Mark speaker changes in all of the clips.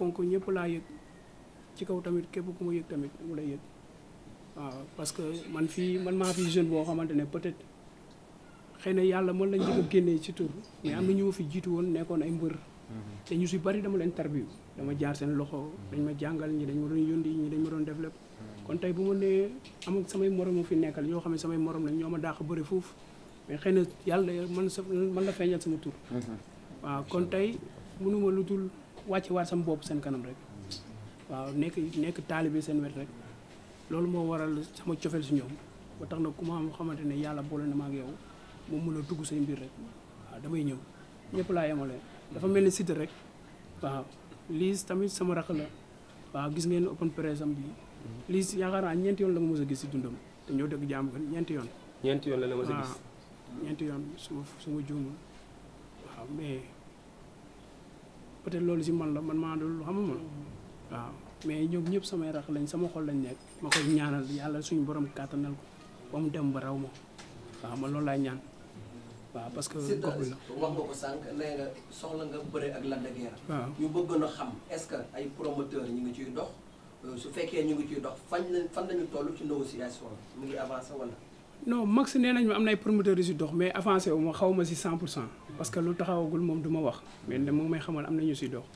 Speaker 1: fonk ñëpp laa yëg ci kaw tamit képp ku ma yëg tamit mu lay yëg waaw parce que man fii man maa fi jeune boo xamante ne peut-être xëy na yàlla mën lañ jëkk a génnee am na ñu ma fi jiitu woon nekkoon ay mbër mhm. te ñu si bari dama leen tarbiyu dama jaar seen loxo dañ ma jàngal ñi dañ ma doon yóndi ñi dañ ma doon def mhm. kon tey bu ma nee am ak samay morom ma fi nekkal yoo xam ne samay morom lañ ñoo ma daax a bëri foofu mais xëy na yàlla man sa man la feeñal sama tur mhm. waaw kon tey mënuma lu wàcce waat sama bopp seen kanam rek waaw nekk nekk taalibe seen wet rek loolu moo waral sama cofeel si ñoom ba tax na ku ma xamante ne yàlla boole na maa ngi yow moom mun a dugg say mbir rek waaw damay ñëw ñëpp laa yemale dafa mel ni Siteu rek waaw liis tamit sama rax la waaw gis ngeen open press am bi liis yaakaar naa ñeenti yoon la ma mos a gis si dundam te ñoo dëkk jàmm gën ñeenti yoon
Speaker 2: ñeenti yoon la la mos a gis
Speaker 1: ñeenti yoon suma suma juumul waaw mais peut loolu si man la man maa dul xamuma mm-hmm. waaw mais ñoom ñëpp samay rax lañ sama xol lañ nekk ma koy ñaanal yàlla suñu borom kàttanal ko ba mu dem ba raw ma waaw ma loolu laay ñaan waaw parce que. ko bi la
Speaker 3: wax nga ko sànq nee nga soxla nga bëre ak Lac de Guiers. waaw ñu bëggoon a xam est-ce que ay promoteurs ñu ngi ciy dox euh, su fekkee ñu ngi ciy dox fan lañ fan lañu toll ci négociation mu ngi
Speaker 4: avancé wala.
Speaker 1: non max nee nañ ma am na ay promoteurs yu si dox mais avancé wu ma xaw ma si 100 pour cent. parce que lu taxawagul moom du wax mais ne moom may xamal am na ñu si dox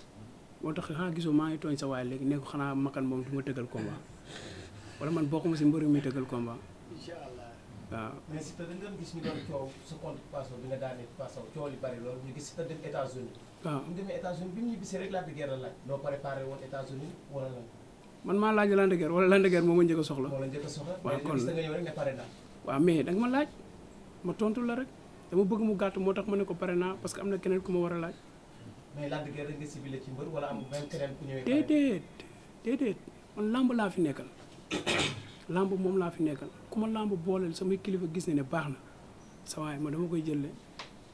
Speaker 1: moo tax xanaa gisoo maa ngi tooñ sa waaye léegi ne xanaa makan moom du tëggal combat wala man bokk ma si mbëri muy tëggal combat. incha allah waaw.
Speaker 4: mais si te da nga gis ñu bi nga daanee Paso coow li bari loolu ñu gis si te dem bi wala lan.
Speaker 1: man maa laaj Lac de Guiers wala de Guiers moo a soxla. la njëkk a soxla. waaw kon ma laaj ma tontu la rek dama bëgg mu gàtt moo tax ma ne ko pare naa parce que am na keneen ku ma war a laaj. mais Lac man làmb laa fi nekkal làmb moom laa fi nekkal ku ma làmb booleel samay kilifa gis ne ne baax na sa waay ma dama koy jëlee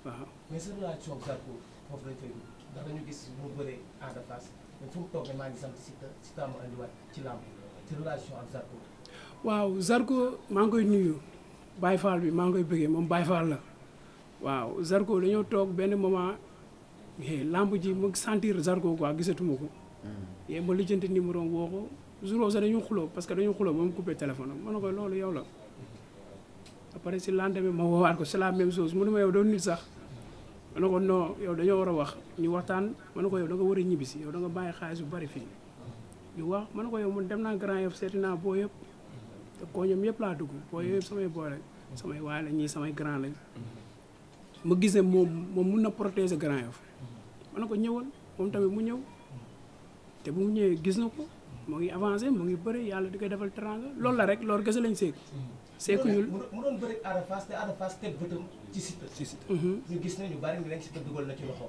Speaker 1: waaw. mais
Speaker 4: sa relation Zarko foofu lañ koy sant si si taamu andiwaat ci
Speaker 1: waaw Zarko maa ngi koy nuyu Baye Fall bi maa ngi koy bëggee moom Baye Fall la. waaw Zarko dañoo toog benn moment eh, lamb ji mu sentir Zarko quoi gisatuma ko. yee mm. eh, ma lijjanti numéro woo ko jour sax dañu xuloo parce que dañu xuloo ba mu coupé téléphone am ma ne loolu yow la. après si lendemain ma woowaat ko c'est la même chose mu ne ma yow doon nit sax ma ne ko non yow dañoo war a wax ñu waxtaan mën na ko yow da nga war a ñibbisi yow danga bàyyi xaalis bu bari fii. ñu wax ma ne ko yow mun dem naa Grand Yoff seeti naa boo yëpp te koo ñoom yëpp laa dugg boo yëpp samay samay waay la ñii samay grand ma gis ne moom moom mun na protéger Grand Yoff ma na ko ñëwal moom tamit mu ñëw te bu mu ñëwee gis na ko mu ngi avancé mu ngi bëri yàlla di ko defal teranga loolu la rek loolu kese lañ seeg
Speaker 4: seekuñul bëri Ada Fass te Ada Fass teg ci mhm. ñu gis ne ñu bari ñu leen Siteu dugal na ci loxo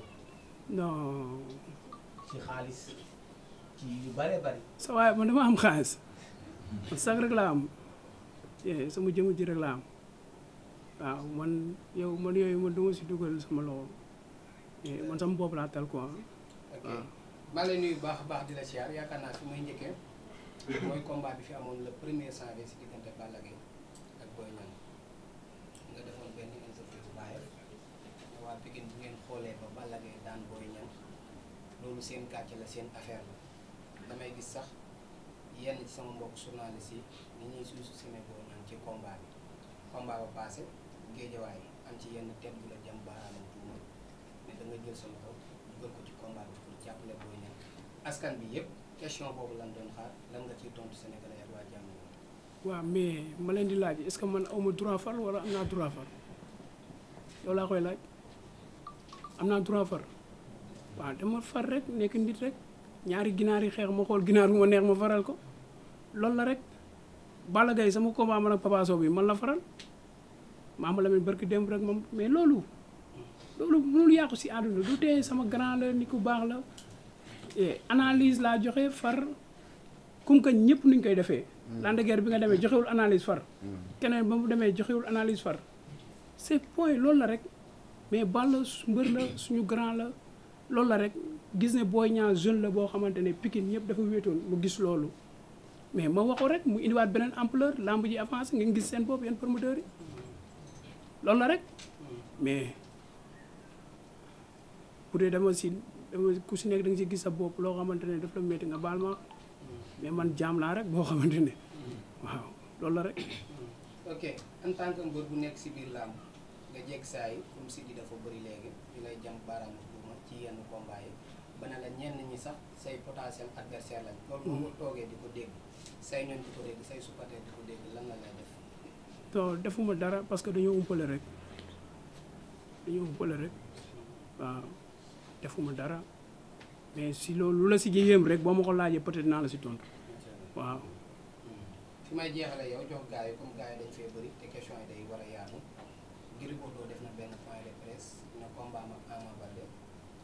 Speaker 1: non
Speaker 4: ci xaalis yu bëree bëri
Speaker 1: sa waaye man dama am xaalis sa sax laa am eh, sama jëmm ji rek laa am waaw ah, man yow man yooyu man du ma si dugal sama loxo eh, man sama bopp laa tal quoi. ok ah.
Speaker 3: maa baax a baax di la siyaar yaakaar naa fi may njëkkee mooy combat bi fi amoon la premier janvier si diggante Balla ak Boy Niang nga defoon benn interview bàyyi waa Pikine bu ngeen xoolee ba Balla Gaye daan Boy Niang loolu seen gàcce la seen affaire la damay gis sax yenn ci sama mbokk journaliste yi ni ñuy suusu seme Boy Niang ci combat bi combat ba passé géejawaay am ci yenn tête bu la jëm baaraamam tuuma mais nga jël sa loxo dugal ko ci combat bi pour jàppale Boy Niang askan bi yëpp question boobu lan doon xaar lan nga ciy tontu sénégalais ak jàmm
Speaker 1: waaw mais ma leen di laaj est-ce que man awma droit far wala am naa droit far yow laa koy laaj am naa droit far waaw dama far rek nekk nit rek ñaari ginaar yi xeex ma xool ginaar bi ma neex ma faral ko loolu la rek Balla Gaye sama combat man ak Papa man la faral Maama Lamine barki démb rek moom mais loolu loolu mënul yàqu si àdduna du tee sama grand la ni ku baax la analise laa joxe far comme que ñëpp ñu koy defee. Mm. Lac bi nga demee joxewul analyse far. Mm. keneen ba mu demee joxewul analyse far c'est point loolu la rek mais Balla mbër la suñu grand la loolu la rek gis ne Boy ñaar jeune la boo xamante ne Pikine ñëpp dafa wéetoon mu gis loolu mais ma waxoo rek mu indiwaat beneen ampleur lamb ji avancé ngeen gis seen bopp yeen promoteurs yi. loolu la rek mais bu dee dama si dama ku si nekk da nga si gis sa bopp loo xamante ne daf la métti nga baal ma mais man jaam laa rek boo xamante ne waaw lool la rek.
Speaker 3: ok en tant que bu nekk si biir làmb nga jekk saa yi comme si di dafa bëri léegi di lay jam baaraamu buuma ci yenn combat ba ne la ñenn ñi sax say potentiel adversaire lañ. loolu moo toogee di ko dégg say ñoom di ko dégg say supporter di ko dégg lan la lay def.
Speaker 1: non defuma dara parce que dañoo umpale rek dañoo umpale rek waaw defuma dara mais si loolu la si yéem rek boo ma ko laajee peut-être naa la si tontu waaw.
Speaker 3: fi may jeexalee yow jox gars yi comme gars dañ fee bëri te question yi day war a yaatu Gris Bordeaux def na benn point de presse na combat am ak Ama Baldé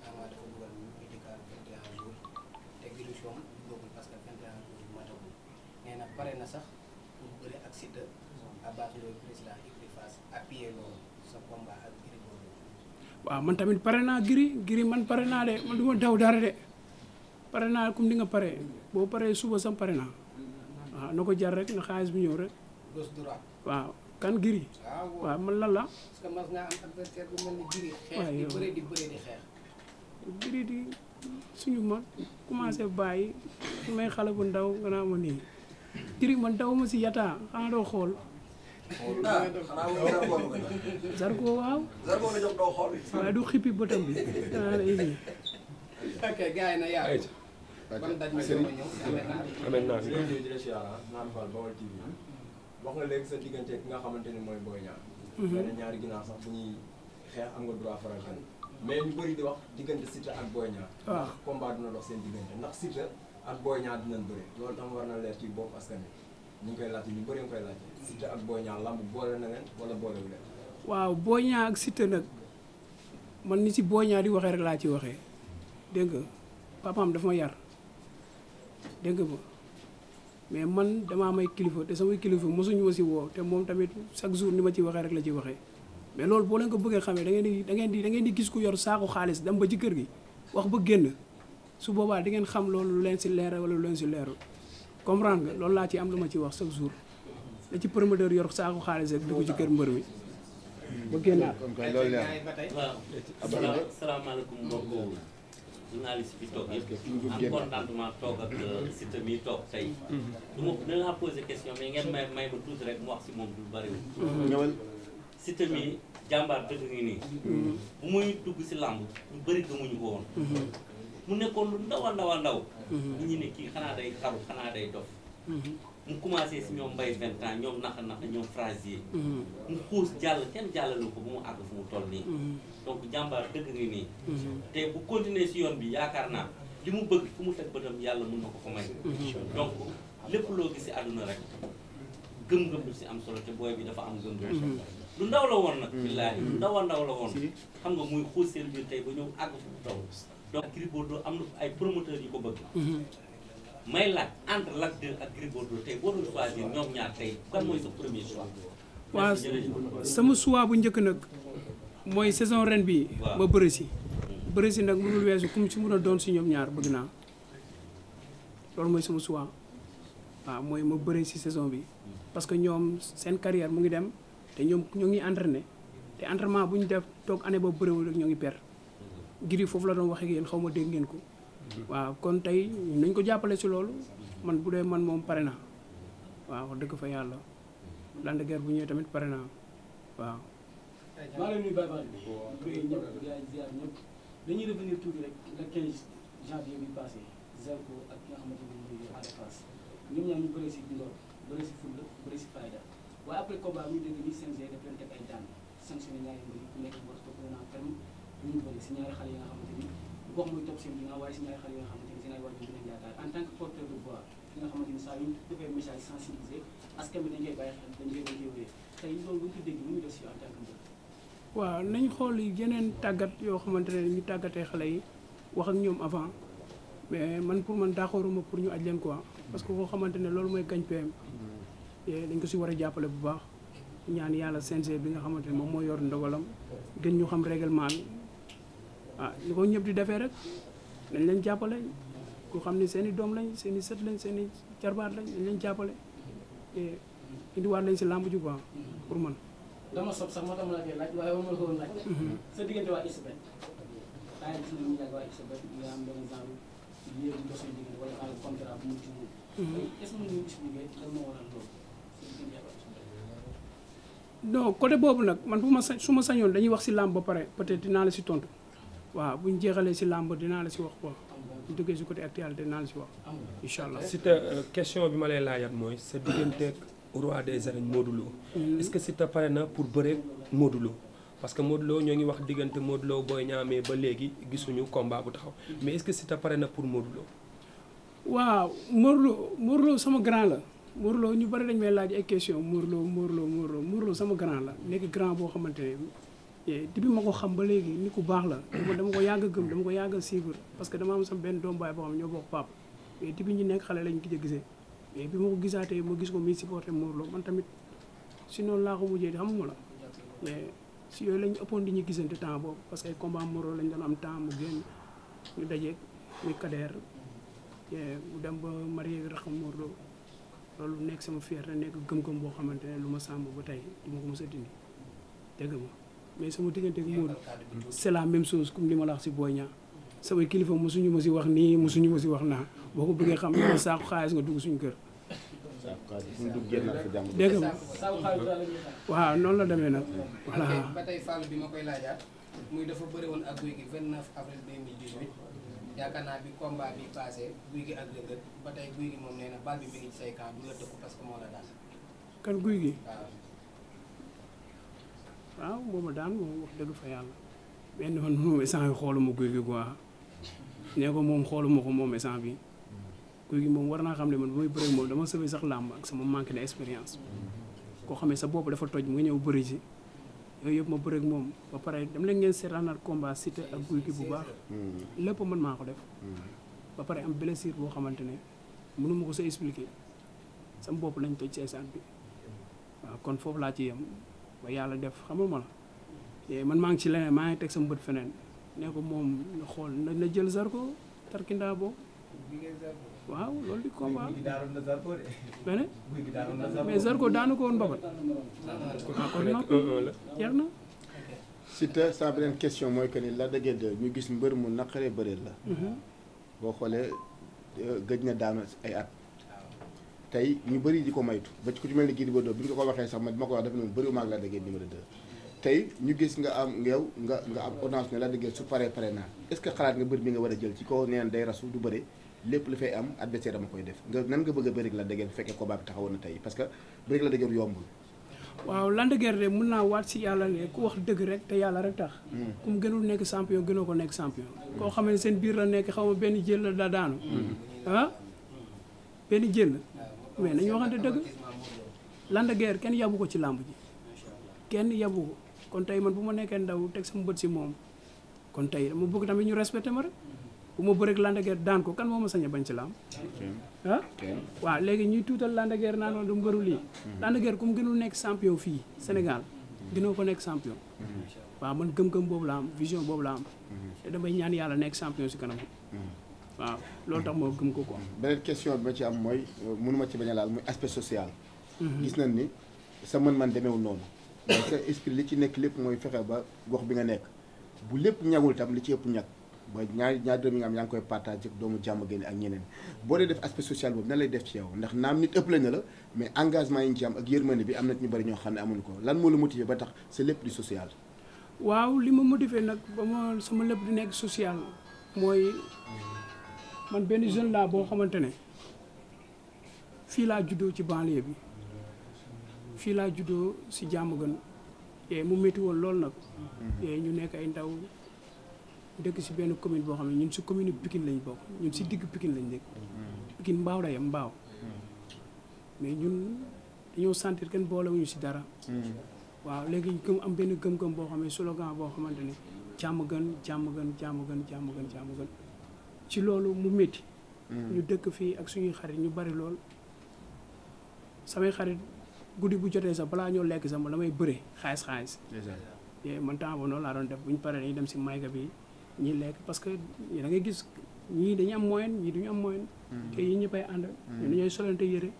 Speaker 3: Ama parce que 21 na pare na sax pour bëri ak Siteu
Speaker 1: waaw man tamit pare naa giri giri man pare naa de man du daw dara de pare naa comme ni nga pare boo paree suba sam pare naa waaw na ko jar rek na xaalis bi ñëw rek waaw kan giri ah, waaw man lan la giri di suñu mag commencé bàyyi su may xale bu ndaw nga naa ma nii giri man daw ma si yataa xanaa doo xool Zarko waaw. Zarko nga jox doo xool. waaye du xippi bëtam bi.
Speaker 3: ok gars yi na yaa ban daj ma ñëw
Speaker 4: amee naa fi ñëw di la siyaara naan Fall Baol TV wax nga léegi sa diggante ki nga xamante ni mooy Boy Niang mhm. benn ñaari sax bu ñuy xeex am nga droit faral kenn mais ñu bëri di wax diggante Siteu ak Boy Niang ah. ndax combat dina dox seen diggante ndax Siteu ak Boy Niang dinañ bëri loolu tam war na leer ci bopp askan wi ñu ngi koy laajte ñu bëri nga koy laajte Siteu ak Boy Niang boole na
Speaker 1: waaw Boy Niang ak Siteu nag man ni si Boy Niang di waxee rek laa ci waxee dégg nga papaam dafa ma yar dégg nga mais man dama may kilifa te samay kilifa mosuñu ma si woo te moom tamit chaque jour ni ma ci waxee rek la ci waxee mais loolu boo leen ko bëggee xamee da ngeen di da di da ngeen di gis ku yor saako xaalis dem ba ci kër gi wax ba génn su boobaa di ngeen xam loolu lu leen si leer wala lu leen si leerul. comprendre nga loolu laa ci am lu ma ci wax chaque jour da ci promoteur yor saako xaalis rek dugg ci kër mbër mi ba génnaat
Speaker 5: waaw salaamaaleykum mbokk journaliste bi toog yëpp am contentement toog ak euh, Siteu toog tey du ma dina laa poser question mais ngeen may may ma tuuti rek mu wax si moom du bëriwul Siteu mi jàmbaar dëgg ngi nii mm-hmm. bu muy dugg si làmb ñu bëri gëmuñu ko woon mm-hmm. mu nekkoon lu ndaw a ndaw a ndaw. Mhm. nit ñi ne kii xanaa day xaru xanaa day dof. Mhm. mu commencé si ñoom mbay vingt ans ñoom naxa naxa ñoom frasier. Mhm. mu xuus jàll kenn jàllale ko bu mu àgg fu mu toll nii. donc jàmbaar dëgg ngi nii. te bu continuer si yoon bi yaakaar naa li mu bëgg fu mu teg bëtam yàlla mun na ko ko may. donc lépp loo gis si àdduna rek gëm-gëm lu si am solo te booy bi dafa am gëm-gëm. lu ndaw la woon nag. billaahi lu ndaw a ndaw la woon. xam nga muy xuus seen biir tey ba ñëw àgg fu mu donc Gris Bordeaux am na ay promoteurs yu ko bëgg. Mhm. may laaj entre Lac 2 ak Gris Bordeaux tey boo
Speaker 1: sama choix bu njëkk nag mooy saison ren bi ma bëri si. nag mënul weesu comme si mun a doon si ñoom ñaar bëgg naa loolu mooy sama choix waaw mooy ma bëri si saison bi parce que ñoom seen carrière mu ngi dem te ñoom ñoo ngi entraîné te entraînement bu ñu def toog année ba bëriwul ak ñoo ngi perte. Gris foofu la doon waxee ak yéen xaw ma dégg ngeen ko.
Speaker 4: Mm-hmm.
Speaker 1: waaw kon tey nañ ko jàppale si loolu. man bu dee man moom pare naa waaw wax dëgg fa yàlla. Lac de bu ñëwee tamit pare naa waaw.
Speaker 4: maa ngi lay nuyu dañuy revenir tuuti rek le 15 janvier bi passé Zarko si fulla bëree si fayda waaye après combat bi ñu nii CNG daf leen ay daan sanctionné ñaari mbir ku nekk war toog naa terme ñu ngi bëri si ñaari xale yi nga xamante ay waajur dinañ yaakaar en tant que porteur de voix ki nga xamante ni saa yu defee bi dañ koy bàyyi xel dañ koy dañ
Speaker 1: waaw nañ xool yeneen tàggat yoo xamante ne ñu tàggatee xale yi wax ak ñoom avant mais man pour man d'accorduma pour ñu aj leen quoi parce que koo xamante ne loolu mooy gañ PM
Speaker 6: mm-hmm.
Speaker 1: eh, dañ ko si war a jàppale bu baax ñaan yàlla CNG bi nga xamante ne moom moo yor ndogalam gën ñu xam règlement bi ah ñu ko ñëpp di defee rek dañ leen jàppale ku xam ne seen i doom lañ seen i sët lañ seen i jarbaat lañ nañ leen jàppale te indiwaat lañ si làmb ju baax pour man.
Speaker 4: dama sob sax ma waaye war ko woon laaj. Mhm. am benn genre mu ci mun.
Speaker 1: Mhm. boobu nag man bu ma sañ su ma sañoon dañuy wax si làmb ba pare peut-être dinaa la si tontu. waaw bu ñu jeexalee si làmb dinaa la si wax quoi bu ñu duggee si côté actualité dinaa la si wax incha allah. Siteu
Speaker 2: euh, question bi ma lay laajaat mooy sa digganteeg roi des arènes Modou Lo. Mm-hmm. est-ce pare na pour bëre Modou Lo parce que Modou ñoo ngi wax diggante Modou Lo booy ñaamee ba léegi gisuñu combat bu taxaw mais est-ce que Siteu pare na pour Modou Lo.
Speaker 1: waaw Modou Lo sama grand la Modou ñu bari dañ may laaj ay question Modou Lo Modou Lo Modou sama grand la nekk boo xamante depuis ma ko xam ba léegi ni ku baax la dama ko yàgg gëm dama ko yàgg a suivre parce que dama am sama benn doom baay boo xam ñoo bokk pap ñu nekk xale lañ gis a bi ma ko gisaatee ma gis ko muy supporté Modou Lo man tamit si noonu laa ko mujjee di xam nga si yooyu lañ ëppoon di ñu gisante temps boobu parce que ay combat moro am temps mu génn ñu daje muy mu dem ba marié bi raxam loolu nekk sama fierté nekk gëm boo xamante ne lu ma sàmm ba tey ma ko mës a dindi dégg ma mais sama diggante ak Modou c'est la même chose comme li ma la wax si Boy Niang sama kilifa mosuñu ma si wax nii suñu ma si wax naa boo ko bëggee xam ne saako xaalis dugg suñu kër. dégg nga waaw noonu la demee nag voilà.
Speaker 3: ba tey Fall bi ma koy laajaat muy dafa bëri woon ak guy gi 29 avril 2018 yaakaar naa bi combat bi passé guy gi ak Reug Reug ba tey guy gi moom nee na bal bi mi ngi ci say camp du la tëkku parce que moo la daal.
Speaker 1: kan guy gi. waaw moom daan moom wax dëgg fa yàlla. benn fan moom instant yi xooluma guy gi quoi nee ko moom xooluma ko moom instant bi guy gi moom war naa xam ne man bu bëri moom dama sëfee sax làmb ak sama manque de expérience. koo xamee sa bopp dafa toj mu ñëw bëri ji yëpp ma bëri ak moom ba pare dem leen ngeen seetaanaat combat Siteu ak guy gi bu baax.
Speaker 6: Hmm. lépp man maa ko def. Hmm.
Speaker 1: ba pare am blessure boo xamante ne mënuma ko sa expliquer sama bopp lañ toj ci instant bi waaw kon foofu laa ci yem. ba yàlla def xamul ma la man maa ngi ci leneen maa ngi teg sama bët feneen ne ko moom xool na jël Zarko tarkindaa boobu. waaw loolu di combat mais Zarko daanu ko woon babat
Speaker 4: ah,
Speaker 6: ah, kon nag
Speaker 7: jar na Siteu sa beneen question mooy que la Lac de Guiers ñu gis mbër mu naqaree bëreel la mhm. boo xoolee euh, gëj na daanu ay at tey ñu bëri di ko maytu ba ci ku ci mel ni Gris Bordeaux bi nga ko waxee sax man ma ko wax dafa ne bëri maag Lac de Guiers numéro 2 ñu gis nga am ngeew nga nga am ordonnance ne Lac de su paree pare naa est-ce que xalaat nga bëri bi nga war a jël ci kaw neen day rasu du bëri lépp lu fay am adversaire dama koy def nga nan nga bëgg a bëri Lac de Guiers bu fekkee combat bi taxawoon na tey parce que bëri Lac de Guiers yombul
Speaker 1: waaw de Guiers mën naa waat si yàlla ne ku wax dëgg rek te yàlla rek tax hmm. ku mu gënul nekk champion gënoo ko nekk champion koo xam ne seen biir la nekk xaw ma benn jël la daa daanu
Speaker 6: hmm.
Speaker 1: ah benn jël mais nañu waxante dëgg Lac de Guiers kenn yabu ko ci làmb ji kenn yabu ko kon tey man bu ma nekkee ndaw teg sama bët si moom kon tey dama bëgg tamit ñu respecté ma rek bu ma bëreeg landageer de daan ko kan moo ma sañ bañ ci làmb ah waaw léegi ñuy tuutal Lac de Guiers naan du mbëru lii mm-hmm. Lac de Guiers mu gënul nekk champion fii Sénégal mm-hmm. gënoo ko nekk champion
Speaker 7: mm-hmm.
Speaker 1: waaw man gëm-gëm boobu la am vision boobu la am te damay ñaan yàlla nekk champion si kanam waaw loolu tax moo gëm ko ko
Speaker 7: beneen question bi ma ci am mooy euh, mënuma ci bañ a laal muy aspect social. Mhm. gis nañ ni sa man mën demeewul noonu. mais sa esprit li ci nekk lépp mooy fexe ba gox bi nga nekk bu lépp ñagul tam li ci ëpp ñag ba ñaari ñaari am yaa ngi koy partagé doomu jàmm génne ak ñeneen boo dee def aspect social boobu nan lay def ci yow ndax naam nit ëpp la na la mais engagement yi ñu ci am ak yërmande bi am na ñu bëri ñoo xam ne amuñu ko lan moo la motivé ba tax lépp di social.
Speaker 1: waaw li ma motivé nag ba nekk social mooy. man benn jeune laa boo xamante ne fii laa juddo ci banlieue bi fii laa juddoo si jàmm gën et mu métti woon loolu nag. Mm-hmm. et ñu nekk ay ndaw dëkk si benn commune boo xam ne ñun si commune Pikine lañ bokk ñun si digg Pikine lañu nekk.
Speaker 6: Mm-hmm.
Speaker 1: Pikine mbaaw la yem mbaaw.
Speaker 6: Mm-hmm.
Speaker 1: mais ñun dañoo sentir kenn boolewuñu si dara. waaw léegi ñu am benn gëm-gëm boo xam ne slogan boo xamante ne jàmm gën jàmm gën jàmm gën jàmm gën jàmm gën. ci loolu mu metti mm. ñu dëkk fii ak suñuy xarit ñu bari lool samay xarit guddi bu jotee sax balaa ñoo lekk sax man damay bëre xaalis xaalis. man temps boobu noonu laa doon def bu ñu paree dañuy dem si mayga bi ñuy lekk parce que ngay gis ñii dañu am moyen ñii duñu am moyen. Mm. te yi ñëppay ànd. Mm. ñun dañooy solante yére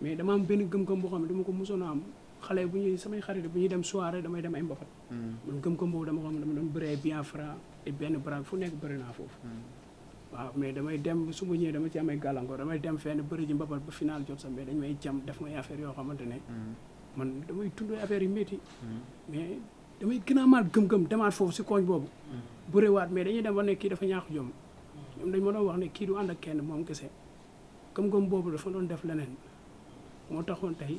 Speaker 1: mais dama am benn gëm-gëm boo xam ne dama ko mosoon a am xale bu ñuy samay xarit bu ñuy dem soirée damay dem ay mbapat. man gëm-gëm boobu dama ko xam ne dama doon bien franc et benn bras fu nekk bëri naa foofu. waaw mais damay dem su ma ñëwee dama ci amay gàllankoor damay dem fenn bëri ji mbapat ba final jot sa mais dañ may jam def may affaire yoo xamante ne mm-hmm. man damay tund affaire yu métti
Speaker 6: mm-hmm.
Speaker 1: mais damay gën a amaat gëm-gëm demaat foofu si koñ boobu
Speaker 6: mm-hmm.
Speaker 1: bëriwaat mais dañuy dem ba ne kii dafa ñaax jom ñoom dañ ma doon wax ne kii du ak kenn moom kese gëm-gëm boobu dafa doon def leneen moo taxoon tey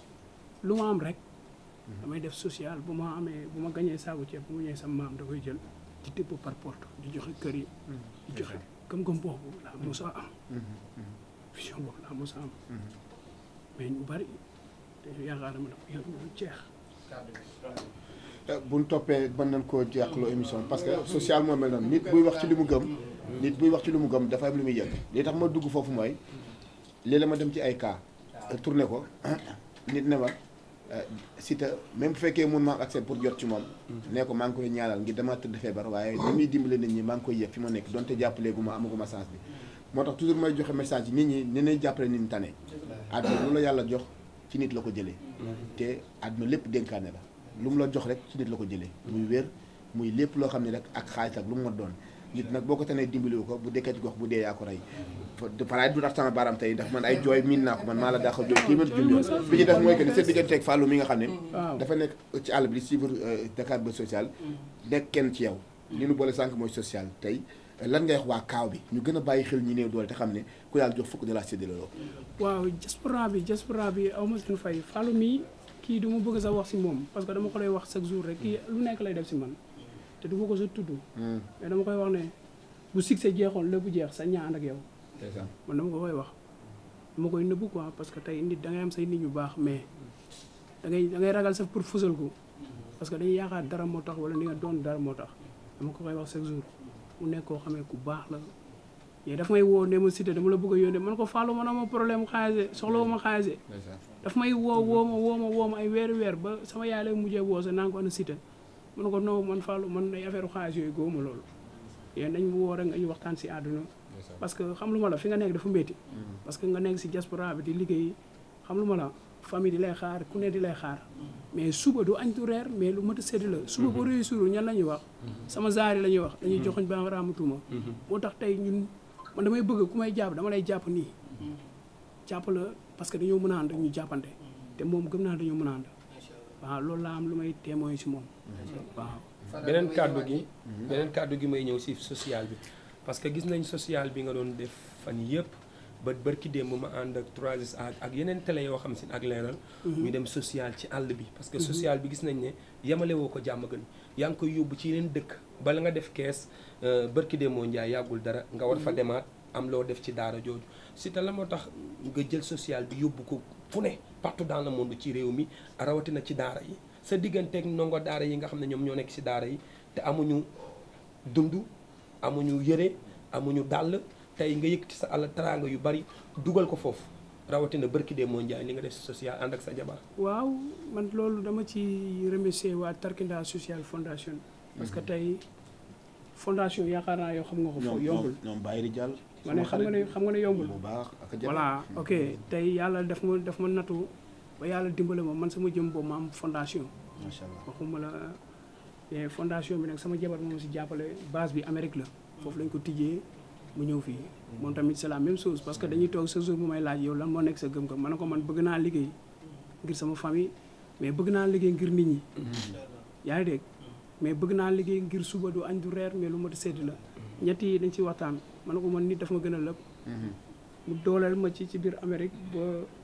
Speaker 1: lu ma am rek damay def social bu ma amee bu ma gañee saabu ceeb bu mu ñëwee sama maam da koy jël ci tibb par porte di joxe kër yi di joxe gëm-gëm boobu laa mos a am. Mhm, mhm.
Speaker 6: Mhm.
Speaker 1: ñu bari te yaakaar
Speaker 7: bu ñu toppee mën nañ koo jeexloo émission parce que social moo mel noonu nit buy wax ci li mu gëm. nit buy wax ci li mu gëm dafa am lu muy yëg li tax ma dugg foofu mooy léeg la ma dem ci ay cas tourné ko nit ne ma. Euh, Siteu même bu fekkee mun ma am pour jot ci moom. nee ko maa ngi koy ñaanal ngir dama tëdd feebar waaye ni muy dimbale nit ñi maa koy yëg fi ma nekk donte jàppale gu ma amaguma chance bi. moo tax toujours may joxe message nit ñi ni ñuy jàppale nit ñi tane. àdduna lu la yàlla jox ci nit la ko jëlee. te àdduna lépp dénkaane la lu mu la jox rek ci nit la ko jëlee. muy wér muy lépp loo xam ne rek ak xaalis ak lu mu ma doon. nit nag boo ko tanee dimbaliwu ko bu dekkee ci gox bu dee yaa ko rey falaay du ndax sama baaraam tey ndax man ay jooy miin naa ko man maa la daaxal jooy téeméer junjoon bi ci def euh, mm. kenn ci yow li nu boole sànq mooy social tey lan ngay wax waa bi ñu gën a bàyyi xel ñi néew doole ne ku yàlla jox fukk de la séddaloo
Speaker 1: waaw diaspora bi diaspora bi aw ma seen fay Fallou mi kii du ma bëgg sa wax si moom parce que dama ko lay wax chaque jour rek kii lu nekk lay def si man te du ma ko sa tudd. Hmm. mais dama koy wax ne bu succès jeexoon lépp jeex sa ñaan ak yow. man dama ko koy wax. dama koy nëbbu quoi parce que tey nit da am say nit ñu baax mais da ngay da ngay ragal sax pour fësal ko. parce que dañuy yaakaar dara moo tax wala li nga doon dara moo tax dama ko koy wax chaque jour mu nekk koo xamee ku baax la. mais daf may woo ne ma cité dama la bëgg a yónnee man ko faalu ma na ma problème xaalis soxlawu ma xaalis daf may woo woo ma woo ma woo ma ay weer weer ba sama yaay lay mujjee woo sa naa ko ana cité mun ko non man Fallou man ay affaire xaalis yooyu góoma loolu yéen dañ mu woo rek nga ñu waxtaan si àdduna parce que xam lu ma la fi nga nekk dafa métti
Speaker 6: mm-hmm. parce
Speaker 1: que nga nekk si diaspora bi di liggéey xam lu ma la famille di lay xaar ku ne di lay xaar mm-hmm. mais suba du añ tu reer mais lu mat a sédd la suba boo mm-hmm. réussir ñan la ñuy wax sama zaari la ñuy wax dañuy joxoñ baaraamu tuuma moo tax tey ñun man damay bëgg ku may jàpp dama lay jàpp nii jàpp la parce que dañoo mën a ànd ñu jàppante te moom gëm naa dañoo mën a ànd waaw loolu am lu may témoin si moom
Speaker 2: waaw beneen kàddu gi beneen kàddu gi may ñëw si sociale bi parce que gis nañ social bi nga doon def fan yëpp ba bërki dem bu ma ànd ak 3 ak yeneen télé yoo xam si ak leeral mhm. ñu dem social ci àll bi parce que mhm. social bi gis nañ ne yemale ko jàmm gën yaa ngi koy yóbbu ci leen dëkk bala nga def kees euh, bërki démboo njaay yàggul dara nga war fa mhm. demaat am loo def ci daara jooju si te la moo tax nga jël social bi yóbbu ko fu ne partout dans le ci réew mi rawatina ci daara yi sa digganteeg ndongo daara yi nga xam ne ñoom ñoo nekk ci daara yi te amuñu dund amuñu yëre amuñu dàll tey nga yëkkati sa àll teraanga yu bari dugal ko foofu rawatina bërki de moo njaay li nga def social ànd ak sa jabar
Speaker 1: waaw man loolu dama ci remercier waa Tarkinda Social Fondation parce que mhm. tey fondation yaakaar naa yoo xam nga ko foofu yombul
Speaker 7: ñoom bàyyi di jàll bu baax ak mhm.
Speaker 1: ok tey yàlla daf ma daf ma nattu ba yàlla dimbale ma man sama jëm boobu ma am fondation. macha allah waxuma la fondation bi nag sama jabar moom si jàppale base bi Amérique la. foofu lañ ko tijjee mu ñëw fii. moom tamit c'est la même chose parce que dañuy toog sa jour bu may laaj yow lan moo nekk sa gëm-gëm ma ne ko man bëgg naa liggéey ngir sama famille mais bëgg naa liggéey ngir nit ñi. Mm-hmm. yaa ngi dégg mais bëgg naa liggéey ngir suba du añ du reer mais lu ma di sedd la mm-hmm. ñett yi dañ ci waxtaan ma ne ko man nit daf ma gën a lépp. mu dooleel ma ci ci biir Amérique ba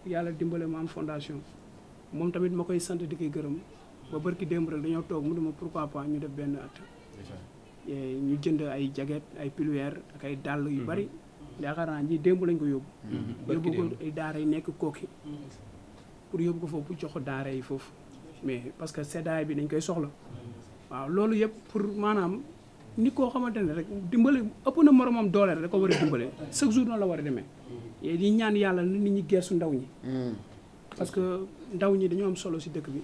Speaker 1: yàlla dimbale ma am fondation moom tamit ma koy sant di koy gërëm ba barki démb rek dañoo toog mun ne ma pourquoi pas ñu def benn at. ñu jënd ay jaget ay pilier ak ay dàll yu mhm. bari yaakaar naa ñi démb lañ ko yóbbu mhm. yóbbu ko ay daara yi nekk kooki pour yóbbu ko foofu jox ko daara yi foofu mais parce que seddaay bi dañ koy soxla mhm. waaw loolu yëpp pour maanaam nit koo xamante ne rek dimbale ëpp na moromam doole rek da ko war a dimbale chaque jour noonu la war a demee. di ñaan yàlla na nit ñi geesu ndaw ñi. Hmm. parce que ndaw ñi dañoo am solo si dëkk bi.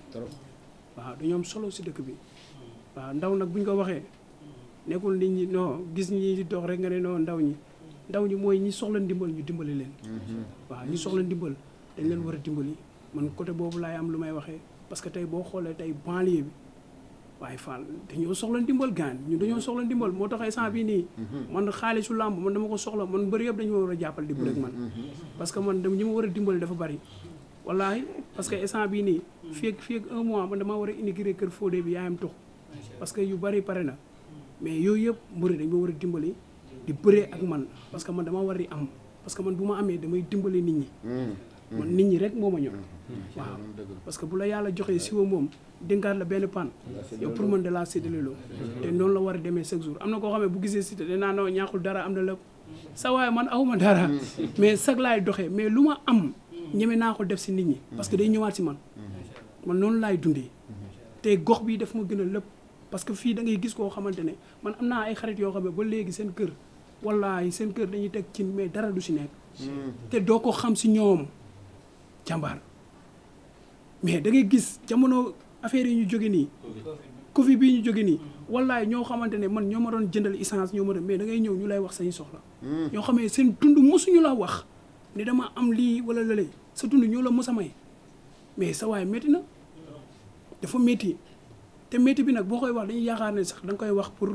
Speaker 1: waaw dañoo am solo si dëkk bi. waaw ndaw nag bu ñu ko waxee nekkul nit ñi non gis ñi di dox rek nga ne noo ndaw ñi ndaw ñi mooy ñi soxla ndimbal ñu dimbali leen. Hmm. waaw ñi soxla ndimbal dañ leen war a dimbali man côté boobu laay am lu may waxee parce que tey boo xoolee tey bi. waaye Fall dañoo soxla ndimbal gaan ñu dañoo soxla ndimbal moo tax instant bii nii. Mhm. man xaalisu làmb man dama ko soxla man mbër yëpp dañu war a jàppal di bu rek man. Mhm. parce que man ñi ma war a dimbali dafa bari. wallaahi parce que instant bii nii. fii ak fii mois man damaa war a intégrer kër Fodé bi yaayam tux parce que yu bari pare na mais yooyu yëpp mbër dañ ma war a dimbali di bëree ak man parce que man damaa war di am parce que man bu ma amee damay dimbali nit ñi.
Speaker 6: Mhm. man nit
Speaker 1: ñi rek moo ma ñor. waaw parce bu la yàlla joxee siwa moom. dénkaat la benn pan yow pour mën da laa séddaleloo te noonu la war a demee chaque jour am na koo xam ne bu gisee Siteu danaa noo ñaaxul dara am na lépp sa waaye man awuma dara mm-hmm. mais sag laay doxee mais lu ma am mm-hmm. ñeme naa ko def si nit ñi mm-hmm. parce que day ñëwaat si man man noonu laay dundee te gox bi daf ma gën a lépp parce que fii da ngay gis koo xamante ne man am naa ay xarit yoo xam ne ba léegi seen kër wallaay seen kër dañuy teg cin mais dara du si nekk te doo ko xam si ñoom jàmbaar mais da ngay gis jamono affaire yi ñu jóge nii Covid bii ñu jóge nii wallaay ñoo xamante ne man ñoo ma doon jëndal essence ñoo ma doon mais dangay ngay ñëw ñu lay wax sañu soxla hmm. ñoo xamee seen dund mosuñu la wax ne dama am lii wala lële sa dund ñoo la mos a may mais sa waay métti na dafa métti te métti bi nag boo koy wax dañuy yaakaar ne sax da koy wax pour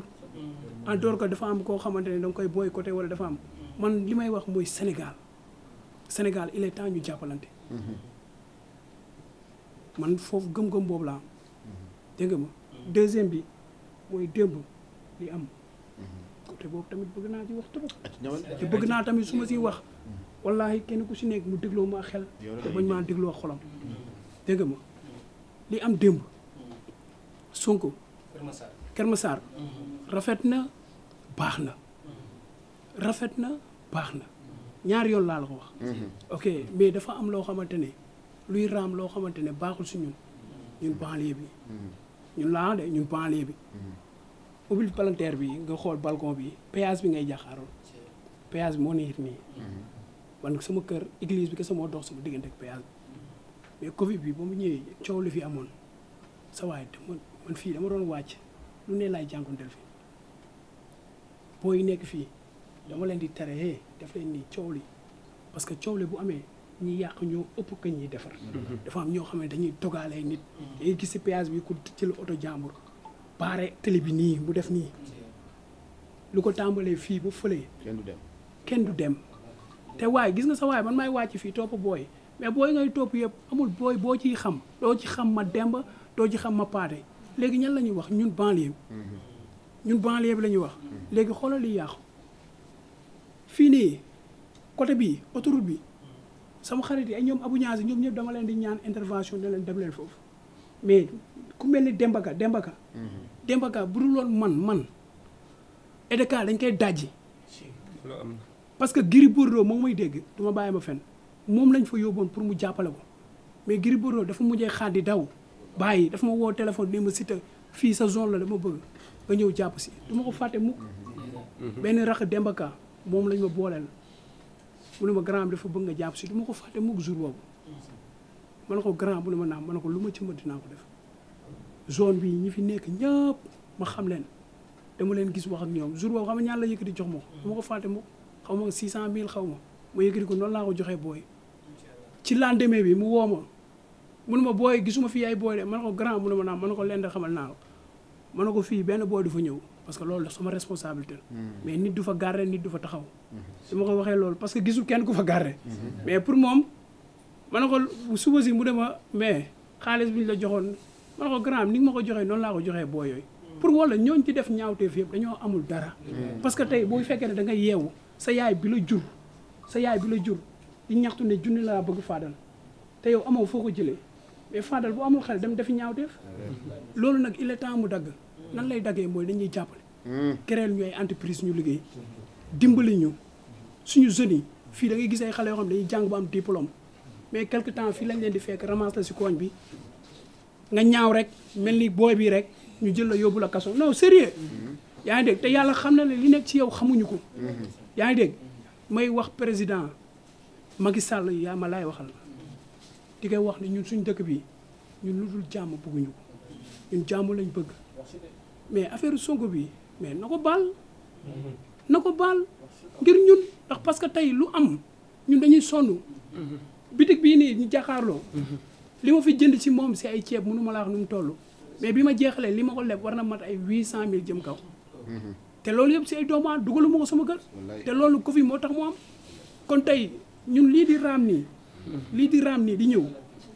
Speaker 1: en dehors que dafa am koo xamante ne da nga koy boycotté wala dafa am man li may wax mooy Sénégal Sénégal il est temps ñu jàppalante hmm. man foofu gëm-gëm boobu laa am ma deuxième bi mooy démb li am te boobu tamit bëgg naa ci wax trop te bëgg naa tamit su ma si wax wallaahi kenn ku si nekk mu dégloo ma xel te bañ maa dégloo xolam dégg ma li am démb sunk Kër Massar rafet na baax na rafet na baax na ñaar yoon laa la ko wax mhm. ok mais dafa am loo xamante ne luy raam loo xamante ne baaxul si ñun ñun banlieue bi ñun laa de ñun banlieue bi ubbil palanteer bi nga xool balkon bi péage bi ngay jaxaaroon péage bi moo ne it nii man sama kër église bi kese moo dox sama diggante ak péage bi mais covid bi ba mu ñëwee coow li fi amoon sa waay dama man fii dama doon wàcc lu ne laay jànkuwanteel fii booy nekk fii dama leen di tere def leen nii coow li parce que coow li bu amee ñi yàq ñoo ëpp que ñiy defar. Mhm. dafa am ñoo xam ne dañuy togaalee nit. Mhm. dañuy gis si péage bi ku jël oto jàmbur. baare télé bi nii mu def nii.
Speaker 7: Mhm.
Speaker 1: lu ko tàmbalee fii bu fële. kenn du dem kenn du dem. te waaye gis nga sa waaye man maay wàcc fii topp booy mais booy ngay topp yëpp amul booy boo ciy xam doo ci xam ma demb doo ci xam ma paate léegi ñan la ñuy wax ñun banlieue ñun banlieue bi la ñuy wax léegi xoolal li yàqu fii nii côté bi autoroute bi sama xarit yi ay ñoom Abou Niass ñoom ñëpp dama leen di ñaan intervention ne leen dem leen foofu mais ku mel ni Demba Ka Demba Ka. Mhm. Demba Ka bu dul woon man man EDK dañ koy dajji. parce que Gris Bordeaux moom may dégg du bàyyi ma fenn moom lañ fa yóbboon pour mu jàppale ko mais Gris Bordeaux dafa mujjee xaar di daw bàyyi dafa ma woo téléphone ne ma Siteu fii sa zone la dama bëgg nga ñëw jàpp si du ma ko fàtte mukk mhm. benn rax Demba Ka moom lañ ma booleel. mu ne ma grand bi bëgg nga jàpp si du ma ko fàtte mukk jour boobu ma ne ko grand bu ne ma naam ma ne ko lu ma ci mën dinaa ko def zone bi ñi fi nekk ñëpp ma xam leen dama leen gis wax ak ñoom jour boobu xam nga ñaan la yëkkati jox ma ko ko fàtte mukk xaw ma 600000 xaw ma ma yëkkati ko noonu laa ko joxee booy ci lendemain bi mu woo ma mu ma booy gisuma fi ay booy ma ne ko grand ma naam ma ne ko leen de xamal naa ko ma ne ko fii benn booy du fa ñëw parce que loolu sama responsabilité la hmm. mais nit du fa garder nit du fa taxaw hmm. su ma ko waxee loolu parce que gisu kenn ku fa garder hmm. mais pour moom ma ne ko suba si mu dema mais xaalis bi ñu la joxoon ma ne ko grand ni nga ma ko joxee noonu laa ko joxee boo yooyu pour wala ñooñ ci def ñaawteef yëpp dañoo amul dara parce que tey boo fekkee ne da nga yeewu sa yaay bi la jur sa yaay bi la jur di ñaxtu ne junni laa bëgg faadal te yow amoo foo ko jëlee mais faadal bu amul xel dem defi ñaawteef loolu nag il est mu dagg nan lay daggee mooy dañuy jàppale. Hmm. créer ñu ay entreprise ñu liggéey dimbali ñu suñu jeunes yi fii da ngay gis ay xale yoo xam dañuy jàng bu am diplôme mais quelque temps fii lañ leen di fekk ramasse la si kooñ bi nga ñaaw rek mel ni booy bi rek ñu jël la yóbbu la kaso non sérieux hmm. yaa ngi te yàlla xam na ne li nekk ci yow xamuñu ko. Hmm. yaa dégg may wax président Macky Sall yaa ma laay waxal di koy wax ni ñun suñu dëkk bi ñun lu dul jàmm bëgguñu ko ñun jàmm lañ bëgg. mais affaire Sonko bi mais na ko baal mhm. na ko baal ngir ñun ndax parce que tey lu am ñun dañuy sonn mhm. bitig bii nii ñu jàkkaarloo mhm. li ma fi jënd ci moom si ay ceeb mënu ma laa wax nu mu toll mais bi ma jeexalee li ma ko leb war na mat ay huit cent mille jëm kaw te loolu yëpp si ay doomu aadama dugalu ma ko sama kër te loolu ko moo tax mu am kon tey ñun lii di raam nii lii di raam nii di ñëw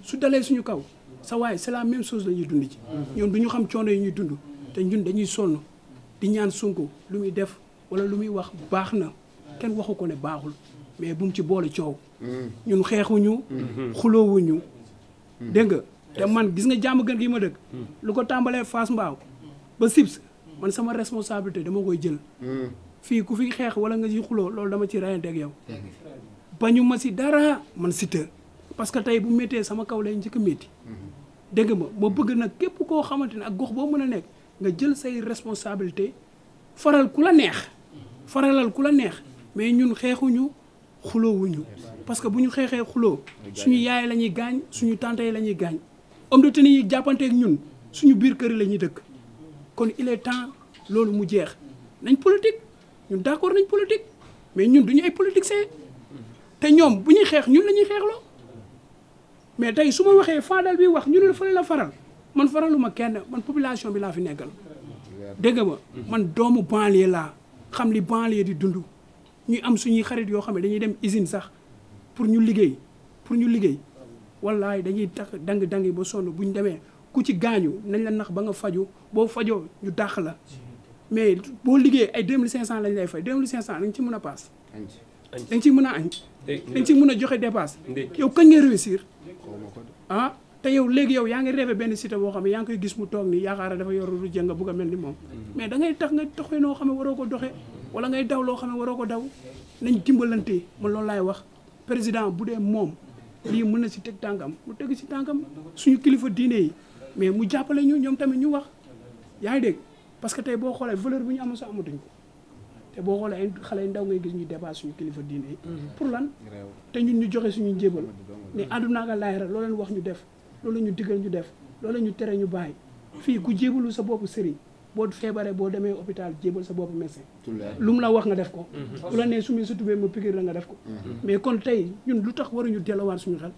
Speaker 1: su dalee suñu kaw sa waaye c'est la même chose la ñuy dund ci ñoom du xam coono yi ñuy dund te ñun dañuy sonn di ñaan sunk lu muy def wala lu muy wax baax na kenn waxu ko ne baaxul mais bu mu ci boole coow. Mm. ñun xeexuñu. Mm-hmm. xuloowuñu. Mm. dégg nga te man gis nga jàmm gën gi ma dëkk. Mm. lu ko tàmbalee Fass mbaaw ba Sibs man sama responsabilité dama koy jël. fii ku fi xeex wala nga ci xuloo loolu dama ci rayante ak yow. bañu ma si dara man Siteu parce que tey bu méttee sama kaw lay njëkk a métti. Mm-hmm. dégg ma ma bëgg nag képp koo xamante ne ak gox boo mën a nekk. nga jël say responsabilité faral ku la neex faralal ku la neex mais ñun xeexuñu xuloowuñu parce que bu ñu xeexee xuloo suñu yaay la ñuy gaañ suñu tante yi la ñuy gaañ homme de tenue yi ñun suñu biir kër yi la ñuy dëkk kon il est temps loolu mu jeex nañ politique ñun d'accord nañ politique mais ñun du duñu ay politiciens te ñoom bu ñuy xeex ñun la ñuy xeexloo mais tey su ma waxee faadal bi wax ñu ne la la faral man faraluma kenn man population bi laa fi nekkal dégg ma man doomu banlieue laa xam li banlieue di dund ñuy am suñuy xarit yoo xam ne dañuy dem usine sax pour ñu liggéey pour ñu liggéey wallaay dañuy tax dang-dang ba sonn bu ñu demee ku ci gaañu nañ la nax ba nga faju boo fajoo ñu dàq la mais boo liggéey ay 2500 lañ lay fay 2500 da nga ci mën a paas da nga ci mën a añ dañ nga ci mën a joxe dépasse yow kañ ngay réussir ah te yow léegi yow yaa ngi rêvé benn cité boo xam ne yaa ngi koy gis mu toog ni yaakaar dafa yor lu nga bëgg a mel ni moom mm-hmm. mais dangay tax nga doxee noo xam ne waroo ko doxee wala ngay daw loo xam ne waroo ko daw nañ dimbalante ma loolu laay wax président bu dee moom lii mën na si teg tànkam mu teg si tànkam suñu kilifa diine mais mu jàppale ñu ñoom tamit ñu wax yaa ngi dégg parce que tey boo xoolee valeur bu ñu am sa amatuñ boo xoolee ay xale yu ndaw ngay gis ñu dépassé suñu kilifa diine mm-hmm. pour lan te ñun ñu joxe suñu njébal ne àdduna ak laaxira loo leen wax ñu def loolu ñu digal ñu def loolu ñu tere ñu bàyyi fii ku jébalu sa bopp sëriñ boo feebaree boo demee hôpital jébal sa bopp médecin lu mu la wax nga def ko bu mhm. la nee sumi sa tubéy ma piqûre la nga def ko mhm. mais kon tey ñun lu tax waruñu delluwaat suñu xel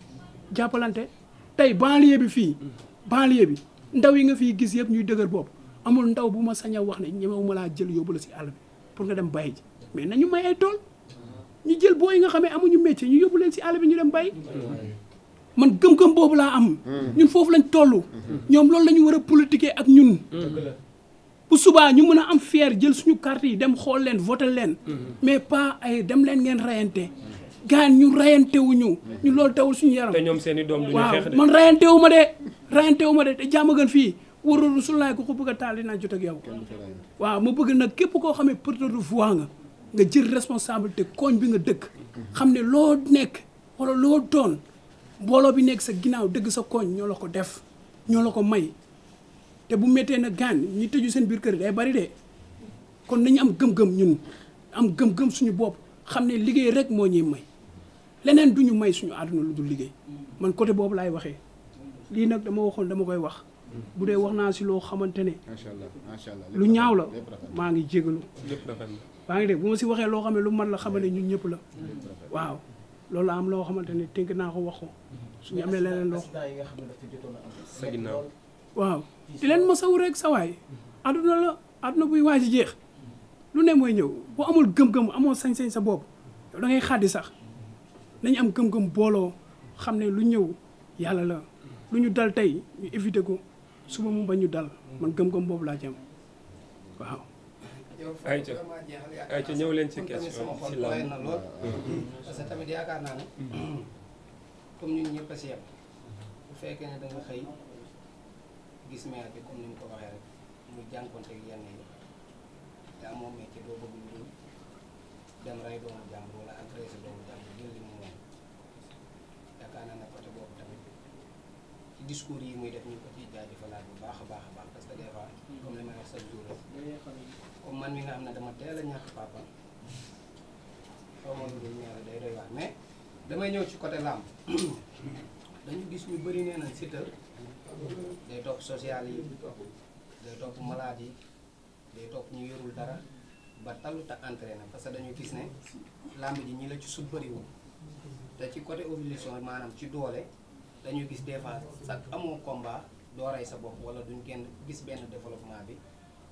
Speaker 1: jàppalante tey banlieue bi fii mhm. banlieue bi ndaw yi nga fii gis yëpp ñuy dëgër bopp amul ndaw bu ma sañ a wax ne ma laa jël yóbbu la si àll bi pour nga dem bàyyi ji mais nañu may ay tool ñu jël boo yi nga xamee amuñu métier ñu yóbbu leen si àll bi ñu dem bàyyi man gëm-gëm boobu laa am. Hmm. ñun foofu lañ toll. Hmm. ñoom loolu la ñu war a politiquer ak ñun. bu subaa ñu mën a am fier jël suñu carte yi dem xool leen voter leen. Hmm. mais pas ay dem leen ngeen rayante. gaan ñu rayante wuñu ñu loolu tawul suñu yaram.
Speaker 2: te ñoom seen i doom duñu xeex de. man rayante
Speaker 1: ma de rayante wu ma de te jàmm gën fii warul rasulaay ko ko bëgg a taal naa jot ak yow. waaw ma bëgg nag képp koo xam ne porteur de voix nga nga jël responsabilité koñ bi nga dëkk. xam ne loo nekk wala loo doon. mbooloo bi nekk sa ginnaaw dëgg sa koñ ñoo la ko def ñoo la ko may te bu méttee na gaan ñi tëju seen biir kër day bari de kon nañu am gëm-gëm ñun am gëm-gëm suñu bopp xam ne liggéey rek moo ñuy may leneen du ñu may suñu àdduna lu dul liggéey man côté boobu laay waxee lii nag dama waxoon dama koy wax bu dee wax naa si loo xamante ne
Speaker 7: lu ñaaw la maa
Speaker 1: ngi jégalu maa ngi de bu ma si waxee loo xam ne lu man la xamane ñun ñëpp la waaw loolu la am loo xamante ne tënk naa ko wax ko ñu amee leneen loo
Speaker 4: xam
Speaker 1: waaw di leen masawu rek sa waay mm-hmm. àdduna la àdduna buy waaj a jeex lu ne mooy ñëw boo amul gëm-gëm amoo sañ-sañ sa bopp yow da ngay sax nañu am gëm-gëm booloo xam ne lu ñëw yàlla la lu ñu dal tey ñu ko suba mu bañ ñu dal man gëm boobu laa jam waaw
Speaker 2: ayca
Speaker 3: ayca ñëw leen ci question ci la na lool mm. parce que tamit yaakaar naa ne comme ñun ñëpp a si yem bu fekkee ne da nga xëy gis maire bi comme ni mu ko waxee rek muy jànkonte ak yenn yi daa moom métier doo bëgg lu dul dem rey doomu jàmbur wala agressé doomu jàmbur jël li mu moom yaakaar naa ne côté boobu discours yi muy def ñu ko ciy jaajëfalaat bu baax a baax a baax parce que des fois mm-hmm. comme man mi nga xam ne dama teel a ñàkk papa ma lu dul ñaar day doy waar mais damay ñëw ci côté làmb dañu gis ñu bëri nee nañ Siteu day topp social yi day topp malade yi day topp ñu yorul dara ba talluta entraîné parce que dañu gis ne làmb ji ñi la ci sut bëriwul te ci côté évolution maanaam ci doole dañuy gis des fois sax amoo combat doo rey sa bopp wala duñ kenn gis benn développement bi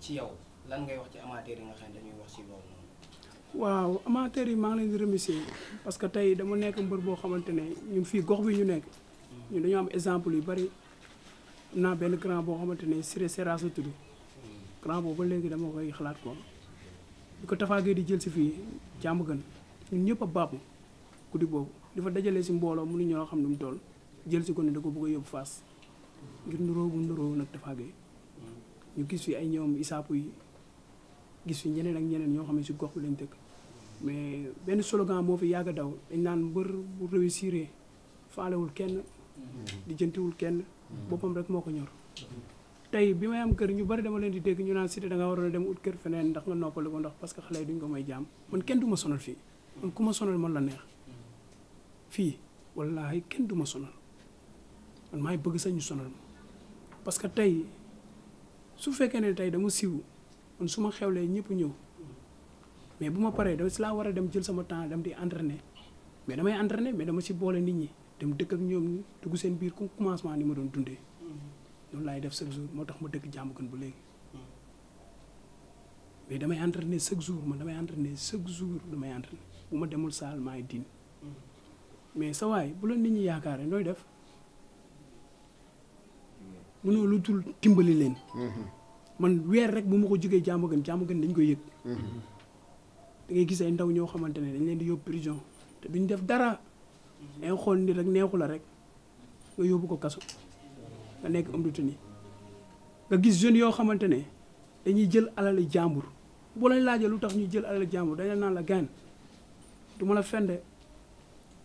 Speaker 3: ci yow lan ngay wax ci amateur yi nga xam ne dañuy wax ci loolu noonu.
Speaker 1: waaw amateur yi maa ngi leen di remercier parce que tey dama nekk mbër boo xamante ne ñun fii gox bi ñu nekk. ñun dañoo am exemple yu bari am naa benn grand boo xamante ne Siré Seras la tudd. grand boobu ba léegi dama koy xalaat ko bi ko tafaagee di jël si fii jàmm gën ñun ñëpp a guddi boobu dafa dajale si mbooloo mënuñu ñoo xam ne mu toll. jël si ko ne da ko bëgg a yóbbu Fass ngir nuróo bu nuróo nag Tapha Gueye mm. ñu gis fi ay ñoom isaapu yi gis fi ñeneen ak ñeneen ñoo xam ne si gox bi lañ dëkk mais benn slogan moo fi yàgg daw dañ naan mbër bu réussir faalewul kenn di mm. jëntiwul kenn mm. boppam rek moo ko ñor tey bi may am kër ñu bari dama leen di dégg ñu naan cité danga war waroon a dem ut kër feneen ndax nga noppali ko ndax parce que xale yi duñ ko may jaam man kenn duma sonal fii man ku ma sonal man la neex fii ma sonal man bëgg sañu ñu sonal ma parce que tey su fekkee ne tey dama siw man su ma xewlee ñëpp ñëw mais bu ma paree da si laa war a dem jël sama temps dem di entraîner mais damay entraîner mais dama si boole nit ñi dem dëkk ak ñoom dugg seen biir comme commencement ni ma doon dundee noonu laay def chaque moo tax ma dëkk jàmm gën bu mais damay entraîner chaque jour man damay entraîner chaque jour damay entraîner bu ma demul saal maay diin mais sa waay bu la nit ñi yaakaaree nooy def. mënoo lu dul timbali leen. Mhm. man weer rek bu ma ko jógee jàmm gën jàmm gën dañ koy yëg. Mhm. da ngay gis ay ndaw ñoo xamante ne dañ leen di yóbbu prison te duñ def dara. dañ xool ni rek neexu la rek nga yóbbu ko kaso nekk homme de tenue gis jeunes yoo xamante ne dañuy jël alal jàmbur boo laajee lu tax ñuy jël alal jàmbur dañ naan la gaan du ma la fen de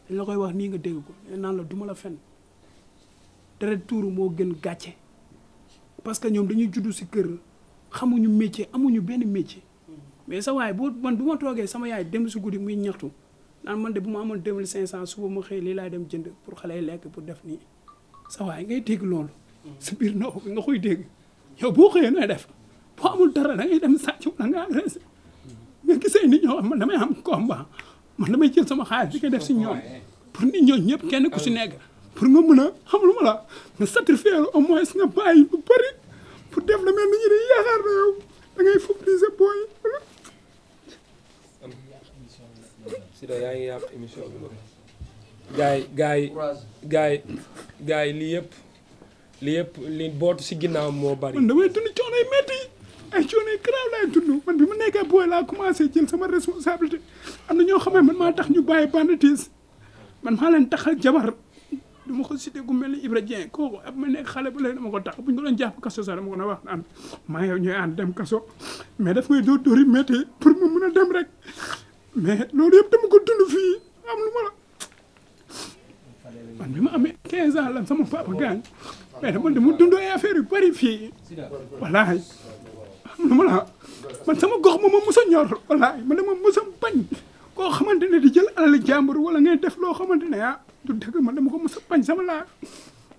Speaker 1: dañ la koy wax nii nga dégg ko dañ la naan la du la fen deret tuuru moo gën gàcce. parce que ñoom dañuy juddu si kër xamuñu métier amuñu benn métier mais sa waay boo man bu ma toogee sama yaay dem si guddi muy ñaxtu naan man de bu ma amoon deux mille cinq cent suba ma xëy lii laay dem jënd pour xale yi lekk pour def nii sa waay ngay dégg loolu. si biir noo nga koy dégg yow boo xëyee nooy def boo amul dara da ngay dem sàcc wala nga agressé nga nit ñoo man damay am combat man damay jël sama xaalis di def si ñoom eh. pour nit ñooñu ñëpp kenn ku si nekk. pour nga mun a xam ma la nga satisfaire au moins nga bàyyi lu bëri
Speaker 6: pour def la mel ni ñu di yaakaar na yow da ngay focaliser booy
Speaker 2: Sida yaa ngi yàq émission bi loolu gaay gaay gaay gaay lii yëpp lii yëpp li boot si ginnaaw moo bari man
Speaker 1: damay dund coono yu métti ay coono yu grave laay dund man bi mu nekkee booy laa commencé jël sama responsabilité am na ñoo xam ne man maa tax ñu bàyyi banditisme man maa leen taxal jabar du ma ko cité ku mel ni Ibra Dieng kooku ab ma nekk xale ba léegi dama ko tax buñ ko doon jàpp kaso sax dama ko na wax naan maa yow ñooy mais daf may dóor dóori métti a dem rek mais loolu yëpp dama ko dund fii am la bi ma amee 15 ans lan sama papa gaañ mais dama dama dund ay affaire yu bëri fii
Speaker 6: walaay ma
Speaker 1: sama gox ma ma mos a ñor walaay man dama mos a koo xamante ne di jël alal jàmbur wala ngay def loo xamante ne ah du dëgg man dama ko mos a sama laa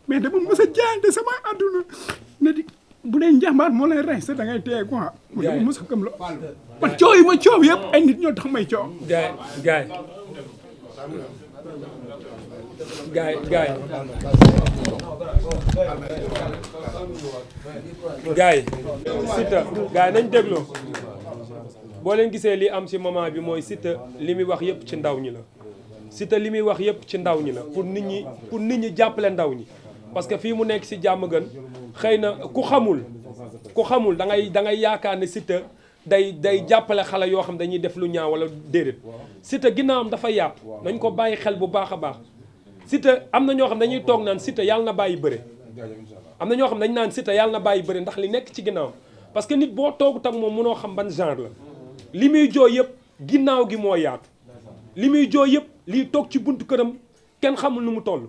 Speaker 1: mais dama mos a jaante sama àdduna ne di bu dee njàmbaar moo lay rey sa da ngay téye quoi. mu dama mos a gëm la man coow yi ma coow yëpp ay nit ñoo tax may coow.
Speaker 2: gaay gaay gaay gaay gaay nañ dégloo boo leen gisee li am ci moment bi mooy Siteu li muy wax yëpp ci ndaw ñi la. si li muy wax yëpp ci ndaw ñi la pour nit ñi pour nit ñi jàppale ndaw ñi parce que fii mu nekk si jàmm gën xëy na ku xamul ku xamul da ngay da ngay yaakaar ne si day day jàppale xale yoo xam dañuy def lu ñaaw wala déedéet si te am dafa yaatu nañ ko bàyyi xel bu baax a baax si am na ñoo xam dañuy toog naan si te yàlla na bàyyi bëre am na ñoo xam dañ naan si te yàlla na bàyyi bëre ndax li nekk ci ginnaawam parce que nit boo toogut ak moom noo xam ban genre la li muy jooy yëpp ginnaaw gi moo yaatu muy jooy yëpp lii toog ci buntu këram kenn xamul nu mu toll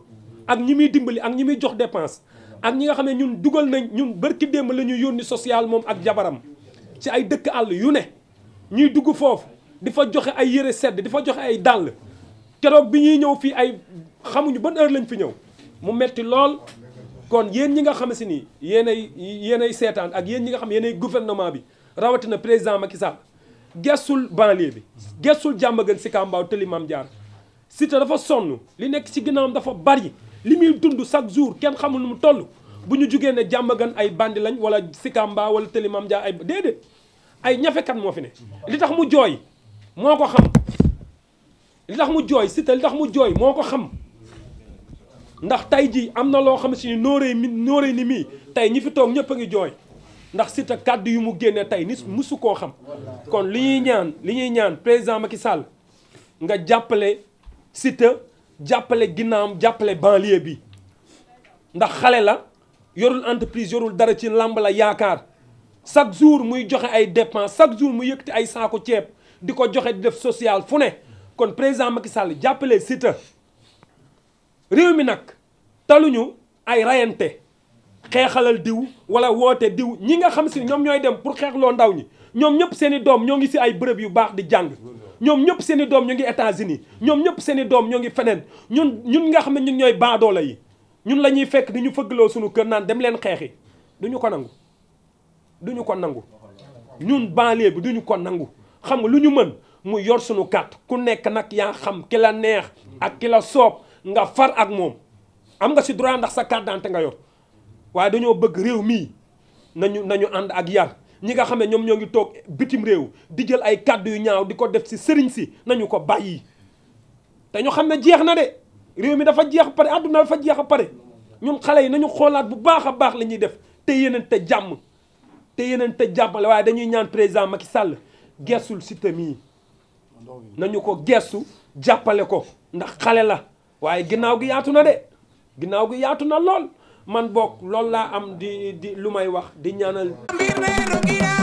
Speaker 2: ak ñi muy dimbali ak ñi muy jox dépense ak ñi nga xam ne ñun dugal nañ ñun bërki démb la ñu yónni social moom ak jabaram ci ay dëkk àll yu ne ñuy dugg foofu di fa joxe ay yére sedd di fa joxe ay dàll keroog bi ñuy ñëw fii ay xamuñu ba heure lañ fi ñëw mu metti lool kon yéen ñi nga xam si ay yéenay ay seetaan ak yéen ñi nga xam yéenay gouvernement bi rawatina président Macky Sall gestul banlieue bi gestul jàmbagan si Kambaaw tëli Mame Diarra Siteu dafa sonn li nekk ci am dafa bari li muy dund chaque jour kenn xamul nu mu toll bu ñu jugee ne jàmbagan ay bandi lañ wala Sikamba wala Télimam Dia ay déedéet ay ñafekat moo fi ne. li tax mu jooy moo ko xam li tax mu jooy Siteu li tax mu jooy moo ko xam ndax tey jii am na loo xam si ni nooree mi nooree ni mii tey ñi fi toog ñëpp a ngi jooy. ndax sita kàddu yu mu génne tey ni musu koo xam kon li ñuy ñaan li ñuy ñaan président Macky Sall nga jàppale. Siteu jàppale ginnaawam jàppale banlieue bi ndax xale la yorul entreprise yorul dara ci làmb la yaakaar chaque jour muy joxe ay dépenses chaque jour mu yëkkati ay saako ceeb di ko joxe di def sociale fu ne kon président Macky Sall jàppale sita réew mi nag taluñu ay rayante xeexalal diw wala woote diw ñi nga xam si ñoom ñooy dem pour xeexloo ndaw ñi ñoom ñëpp seen i doom ñoo ngi si ay bërëb yu baax di jàng ñoom ñëpp seeni doom ñu ngi états uni ñoom ñëpp seen doom ñoo ngi feneen ñun ñun nga xam ne ñun ñooy baadoole yi ñun la ñuy fekk di ñu fëggloo suñu kër naan dem leen xeexi duñu ko nangu duñu ko nangu ñun banlieue bi duñu ko nangu xam nga lu ñu mën mu yor suñu carte ku nekk nag yaa xam ki la neex ak ki la soob nga far ak moom am nga si droit ndax sa carte nga yor waaye dañoo bëgg réew mii nañu nañu ànd ak yar ñi nga xam ne ñoom ñoo ngi toog bitim réew di jël ay kàddu yu ñaaw di ko def si sëriñ si nañu ko bàyyi. te ñu xam ne jeex na de réew mi dafa jeex pare àdduna dafa jeex a pare ñun xale yi nañu xoolaat bu baax a baax la ñuy def te yeneen te jàmm te yeneen te jàppale waaye dañuy ñaan président Macky sàll geesul système yi nañu ko geesu jàppale ko ndax xale la waaye ginnaaw gi yaatu na de ginnaaw gi yaatu na lool. man bokk loolu laa am di di lu may wax di ñaanal.